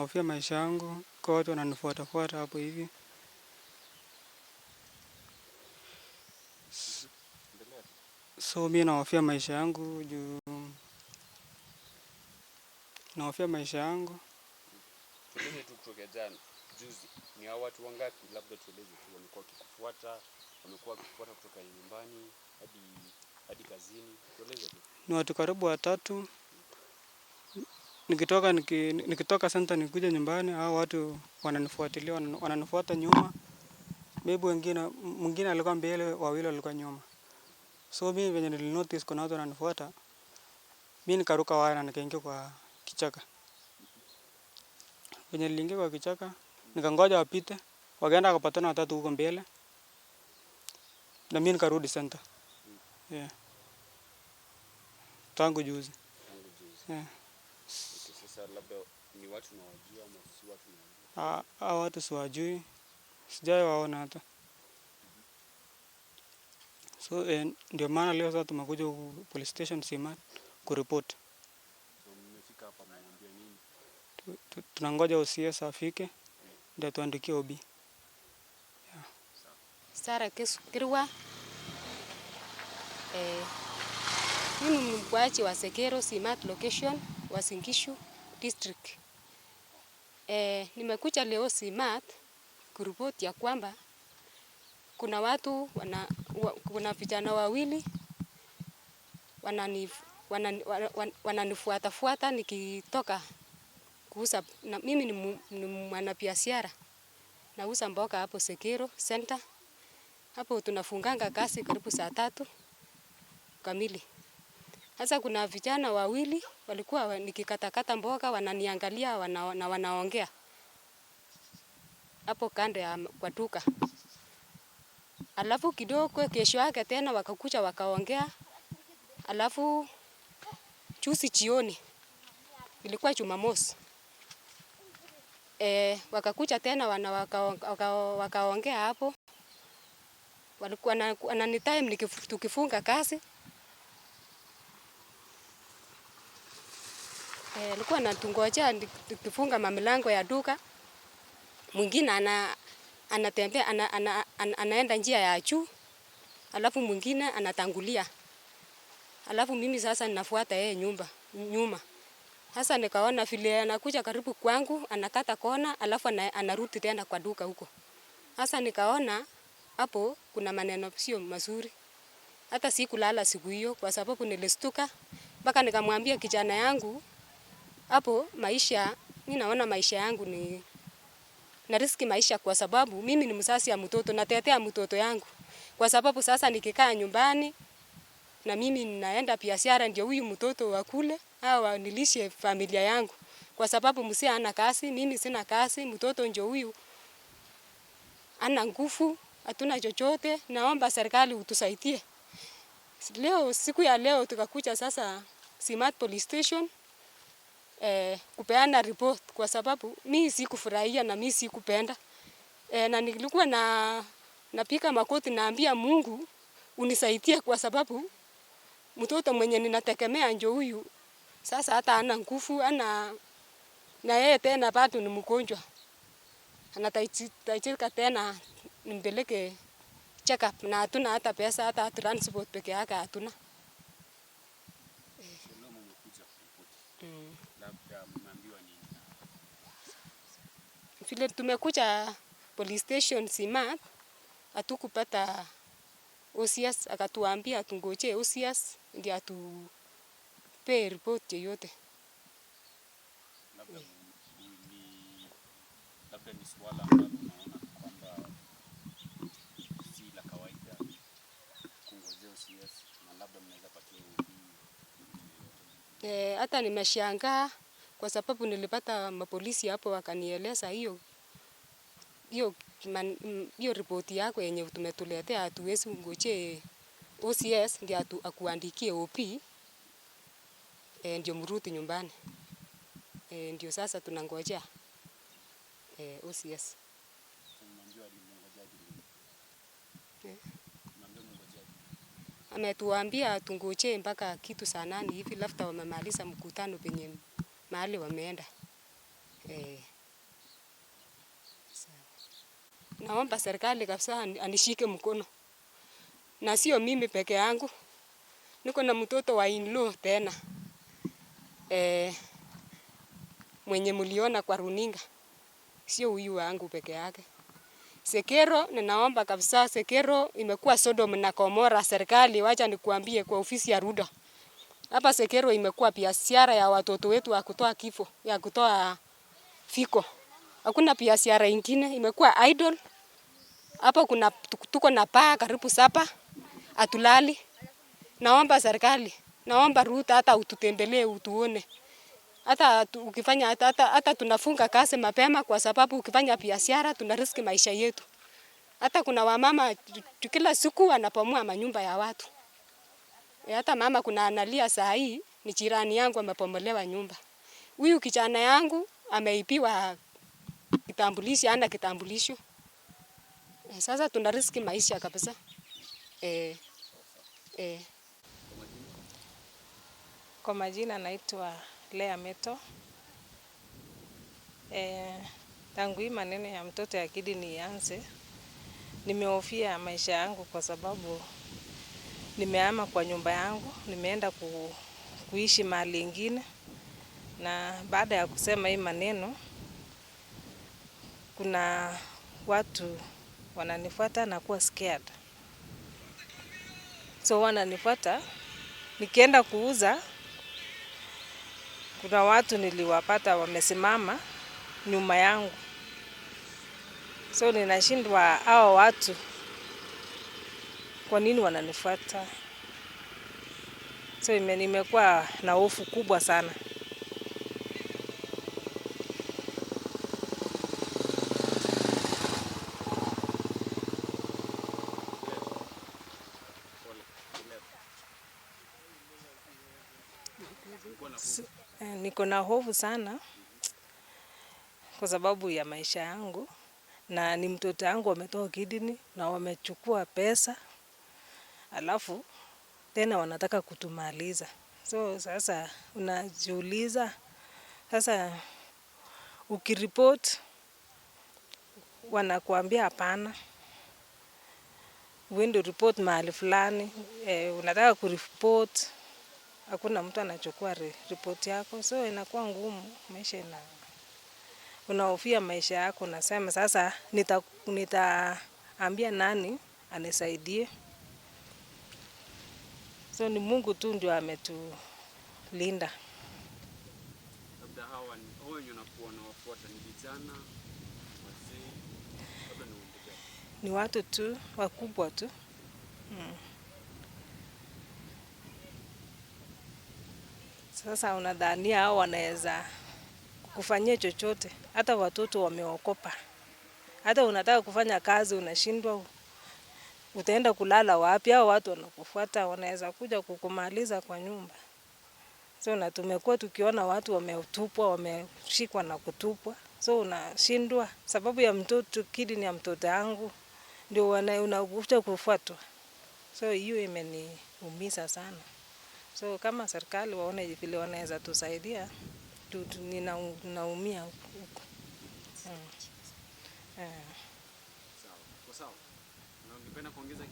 nahofia maisha yangu kwa watu wananifuatafuata hapo hivi. So mi nahofia maisha yangu juu, nahofia maisha yangu. Tueleze tu kutoka jana juzi, ni hao watu wangapi? Labda tueleze tu, wamekuwa wakikufuata, wamekuwa wakikufuata kutoka nyumbani hadi hadi kazini, tueleze tu. Ni watu karibu watatu nikitoka niki, nikitoka senta nikuja nyumbani, hao watu wananifuatilia, wananifuata nyuma. Maybe wengine mwingine alikuwa mbele, wawili walikuwa nyuma. So mi venye nilinotice kuna watu wananifuata, mi nikaruka waya na nikaingia kwa kichaka. Venye niliingia kwa kichaka, nikangoja wapite, wakaenda wakapatana watatu huko mbele, na mi nikarudi senta Yeah. Tangu juzi. Yeah watu nawajua ama si watu nawajua? Ah, ah, watu siwajui, sijai waona hata. So eh, ndio maana leo sasa tumekuja police station Simat kuripoti. So mmefika hapa mnaambia nini? Tunangoja OCS afike ndio tuandikie OB. Yeah. Sara Kirwa eh, ni mkaaji wa Sekero Simat location Uasin Gishu district. Eh, nimekuja leo SIMAT kuripoti ya kwamba kuna watu wana, wa, kuna vijana wawili wananifuatafuata wanani, wanani, wanani nikitoka kuuza na, mimi ni, ni mwanabiashara nauza mboga hapo Sekero Center hapo tunafunganga kazi karibu saa tatu kamili. Sasa kuna vijana wawili walikuwa nikikatakata mboga wananiangalia wana, na wanaongea hapo kando ya kwa duka. Alafu kidogo kesho yake tena wakakuja wakaongea. Alafu chusi jioni ilikuwa Jumamosi. E, wakakuja tena wana wakaongea waka, waka hapo walikuwa na, na time tukifunga kazi alikuwa eh, e, natungojea tukifunga mamlango ya duka. Mwingine ana anatembea ana, ana, ana, anaenda njia ya juu, alafu mwingine anatangulia, alafu mimi sasa ninafuata yeye nyumba nyuma. Sasa nikaona vile anakuja karibu kwangu, anakata kona, alafu anarudi tena kwa duka huko. Sasa nikaona hapo kuna maneno sio mazuri. Hata sikulala siku hiyo, kwa sababu nilistuka mpaka nikamwambia kijana yangu hapo maisha, mi naona maisha yangu ni na riski maisha, kwa sababu mimi ni msasi ya mtoto, natetea mtoto yangu, kwa sababu sasa nikikaa nyumbani na mimi ninaenda biashara, ndio huyu mtoto wakule au nilishe familia yangu, kwa sababu msi ana kazi, mimi sina kazi, mtoto ndio huyu ana nguvu, hatuna chochote. Naomba serikali utusaidie. Leo siku ya leo tukakuja sasa Simat Police Station eh, kupeana report kwa sababu mi sikufurahia na mi sikupenda eh, na nilikuwa na napika makoti naambia Mungu unisaidie kwa sababu mtoto mwenye ninategemea njo huyu sasa, hata ana nguvu ana na yeye tena bado ni mgonjwa, anataitika tena nimpeleke up na hatuna hata pesa, hata transport peke yake hatuna. vile tumekuja police station sima atukupata OCS, akatuambia tungoje OCS ndio atu atupe report yote. Eh, hata nimeshangaa kwa sababu nilipata mapolisi hapo wakanieleza hiyo hiyo hiyo ripoti yako yenye tumetuletea, hatuwezi ngoje OCS ndio atu, akuandikie OP e, eh, ndio mruti nyumbani e, ndio sasa tunangojea e, eh, OCS Ametuambia tungoje mpaka kitu saa nane hivi, labda wamemaliza mkutano penye mahali wameenda Eh. Naomba serikali kabisa anishike mkono, na sio mimi peke yangu, niko na mtoto wa inlo tena Eh. mwenye mliona kwa runinga, sio huyu wangu peke yake. Sekero, ninaomba kabisa, Sekero imekuwa Sodom na Gomora. Serikali, wacha nikuambie, kwa ofisi ya Ruto hapa Sekero imekuwa biashara ya watoto wetu ya kutoa kifo, ya kutoa fiko. Hakuna biashara ingine, imekuwa idol. Hapa kuna tuko na paa karibu sapa, atulali. Naomba serikali, naomba Ruta hata ututembelee utuone. Hata ukifanya hata, hata, hata tunafunga kazi mapema kwa sababu ukifanya biashara tuna riski maisha yetu. Hata kuna wamama kila siku wanapomua manyumba ya watu. Eh, hata mama kuna analia saa hii ni jirani yangu amepomolewa nyumba. Huyu kijana yangu ameipiwa kitambulisho, ana kitambulisho. E, sasa tuna riski maisha kabisa. E, e. Kwa majina naitwa Lea Meto. E, tangu hii maneno ya mtoto ya kidi nianze, nimehofia maisha yangu kwa sababu Nimehama kwa nyumba yangu, nimeenda ku, kuishi mahali ingine, na baada ya kusema hii maneno, kuna watu wananifuata na kuwa scared, so wananifuata nikienda kuuza. Kuna watu niliwapata wamesimama nyuma yangu, so ninashindwa hao watu kwa nini wananifuata? So ime nimekuwa na hofu kubwa sana. Eh, niko na hofu sana kwa sababu ya maisha yangu, na ni mtoto wangu wametoa kidini na wamechukua pesa alafu tena wanataka kutumaliza. So sasa unajiuliza sasa, ukiripoti wanakuambia hapana, uende ripoti mahali fulani e, unataka kuripot hakuna mtu anachukua ripoti yako, so inakuwa ngumu maisha ina unahofia maisha yako, unasema sasa nitaambia nita nani anisaidie. So ni Mungu tu ndio ametulinda. ni watu tu wakubwa tu mm. Sasa unadhania hao wanaweza kufanyia chochote? Hata watoto wameokopa, hata unataka kufanya kazi unashindwa utaenda kulala wapi? au watu wanakufuata wanaweza kuja kukumaliza kwa nyumba. So na tumekuwa tukiona watu wametupwa, wameshikwa na kutupwa, so unashindwa sababu ya mtoto kidi ni ya mtoto yangu ndio unakuja kufuatwa, so hiyo imeniumiza sana. So kama serikali waone vile wanaweza tusaidia, ninaumia huku. Hmm. Eh. Ungependa kuongeza